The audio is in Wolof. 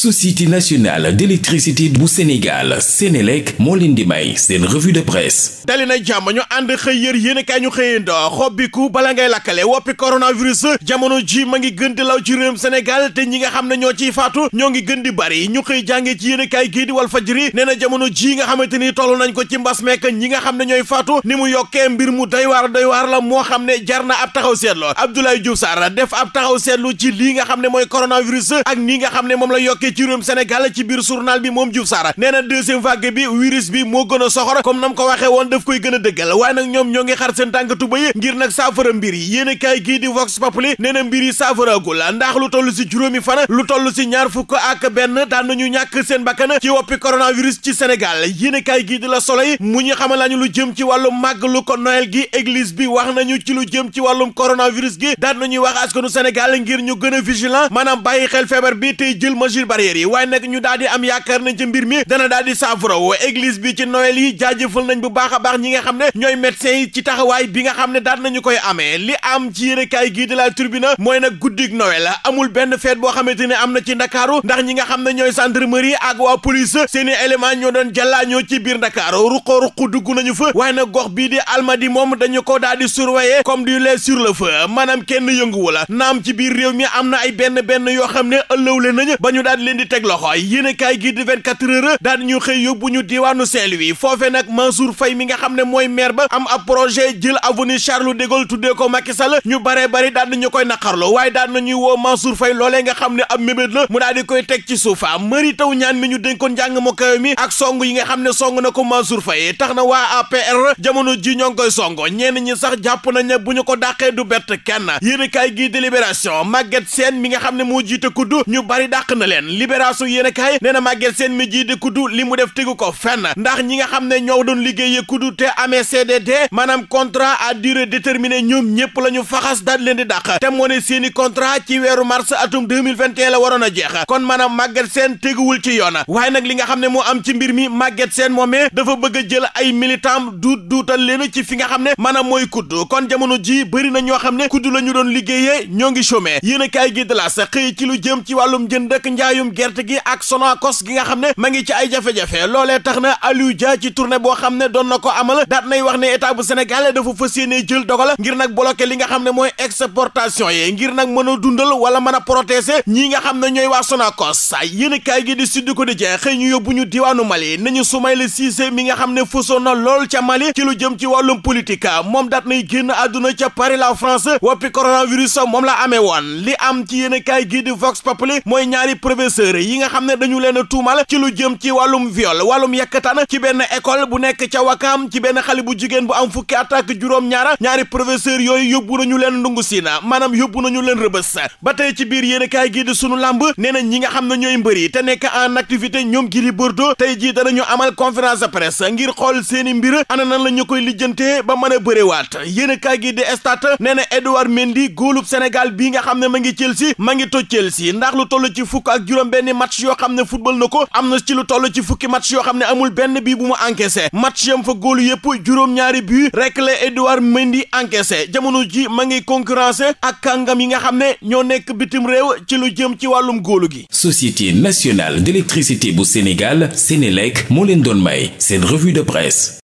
société nationale d'électricité bu Sénégal Sénélec moo leen di may seen revue de presse dali na jàmm ñu ànd xëy yër yéenekaay ñu xëyandoo xobbiku bala ngay lakkale woppi coronavirus jamono ji ma ngi gën di law ci réewum Sénégal te ñi nga xam ne ñoo ciy faatu ñoo ngi gën di bari ñu xëy jàngee ci yéenekaay gii wal Walf Fadjri nee na jamono ji nga xamante ni toll nañ ko ci mbas mekk ñi nga xam ne ñooy faatu ni mu yokkee mbir mu doy waar doy la moo xam ne jar na ab taxaw seetlu Abdoulaye Diouf Sarr def taxaw seetlu ci lii nga xam ne mooy coronavirus ak nii nga xam ne moom la yokkee nekkee ci réewum Sénégal ci biir journal bi moom Diouf Sarr nee na deuxième vague bi virus bi moo gën a soxor comme nam ko waxee woon daf koy gën a dëggal waaye nag ñoom ñoo ngi xar seen tànk tubay ngir nag saafara mbir yi yéen gi kaay gii di Vox Populi nee na mbir yi saafaragul ndax lu toll si juróomi fan lu toll si ñaar fukk ak benn daan ñu ñàkk seen bakkan ci woppi coronavirus ci Sénégal yéen gi kaay di la Soleil mu ñu xamal lañu lu jëm ci wàllu màggalu ko Noël gi église bi wax nañu ci lu jëm ci wàllum coronavirus gi daan nañuy wax askanu Sénégal ngir ñu gën a vigilant maanaam bàyyi xel feebar bi tey jël mesure barrières yi waaye nag ñu daal di am yaakaar nañ ci mbir mi dana daal di saafarawo église bi ci noël yi jaajëfal nañ bu baax ñi nga xam ne ñooy médecins yi ci taxawaay bi nga xam ne daal nañu koy amee li am ci yérekaay gii de la Tribune mooy nag guddik noël amul benn feet boo xamante ne am na ci ndakaaru ndax ñi nga xam ne ñooy gendarmerie ak waa police seeni élément ñoo doon jàllaañoo ci biir ndakaaru ruqoo ruq dugg nañu fa waaye nag gox bii di almadi moom dañu ko daal di surveiller comme du lait sur le feu maanaam kenn yënguwu la naam ci biir mi am na ay benn benn yoo xam ne leen di teg loxo yéenekaay gi di 24 heures daan ñu xëy yóbbu ñu diwaanu Saint-Louis foofe nag Mansour Faye mi nga xam ne mooy maire ba am a projet jël avenue Charles de Gaulle tuddee ko Macky Sall ñu baree bari daan nañu koy naqarlo waaye daan nañuy woo Mansour Faye loolee nga xam ne ab mébét la mu daal di koy teg ci suufa mari taw ñaan mi ñu dénkoon njàng mu kawe mi ak song yi nga xam ne song na ko Mansour Faye tax na waa APR jamono ji ñoo ngi koy songo ñenn ñi sax jàpp nañ ne bu ñu ko dàqee du bett kenn yéenekaay gi di Libération Maguette Sène mi nga xam ne moo jiite kudd ñu bari dàq libération yéen kaay nee na màgget seen mi jii di kuddu li mu def tegu ko fenn ndax ñi nga xam ne ñoow doon liggéeyee kuddu te amee CDD maanaam contrat à durée déterminée ñoom ñëpp la ñu faxas daal leen di dàq te moo ne seen contrat ci weeru mars atum 2021 la waroon a jeex kon maanaam màgget seen teguwul ci yoon waaye nag li nga xam ne moo am ci mbir mi màgget moo moomee dafa bëgg a jël ay militant duut duutal leen ci fi nga xam ne maanaam mooy kuddu kon jamono ji bëri na ñoo xam ne kuddu la ñu doon liggéeyee ñoo ngi chômé yéen a kaay gi de la sa ci lu jëm ci wàllum jënd ak njaayum gerte gi ak Sonacos gi nga xam ne ma ngi ci ay jafe-jafe loolee tax na Aliou Dia ci tournée boo xam ne doon na ko amal daat nay wax ne état bu Sénégal dafa fas yéene jël dogal ngir nag bloqué li nga xam ne mooy exportation yi ngir nag mën a dundal wala mën a protéger ñii nga xam ne ñooy waa Sonacos yéen kaay gi di Sud Quotidien xëy ñu yóbbu ñu diwaanu Mali nañu Soumaïla Cissé mi nga xam ne fësoon na lool ca Mali ci lu jëm ci wàllum politique moom daat nay génn àdduna ca Paris la France woppi coronavirus moom la amee li am ci yéen kaay di Vox Populi mooy ñaari professeur sœur yi nga xam ne dañu leen a tuumal ci lu jëm ci wàllum viol wàllum yekkataan ci benn école bu nekk ca Wakaam ci benn xale bu jigéen bu am fukki at ak juróom ñaar ñaari professeur yooyu yóbbu nañu leen ndungu siina maanaam yóbbu nañu leen rëbës ba tey ci biir yéen kaay gii di sunu làmb nee na ñi nga xam ne ñooy mbër yi te nekk en activité ñoom Gris Bordeaux tey jii danañu amal conférence de presse ngir xool seeni mbir ana nan la ñu koy lijjantee ba mën a bërewaat yéen kaay gii di stade nee na Edouard Mendy góolub Sénégal bii nga xam ne ma ngi Chelsea ma ngi toj Chelsea ndax lu toll ci fukk ak juróom-benni match yoo xam ne football na ko am na ci lu toll ci fukki match yoo xam ne amul benn bii bu mu encaissé match yam fa góolu yëpp juróom-ñaari but rek la Edouard Mendy encaissé jamono ji ma ngi concurrencé ak kàngam yi nga xam ne ñoo nekk bitim réew ci lu jëm ci wàllum góolu gi. Société nationale d'électricité bu Sénégal Sénélec moo leen doon may seen revue de presse.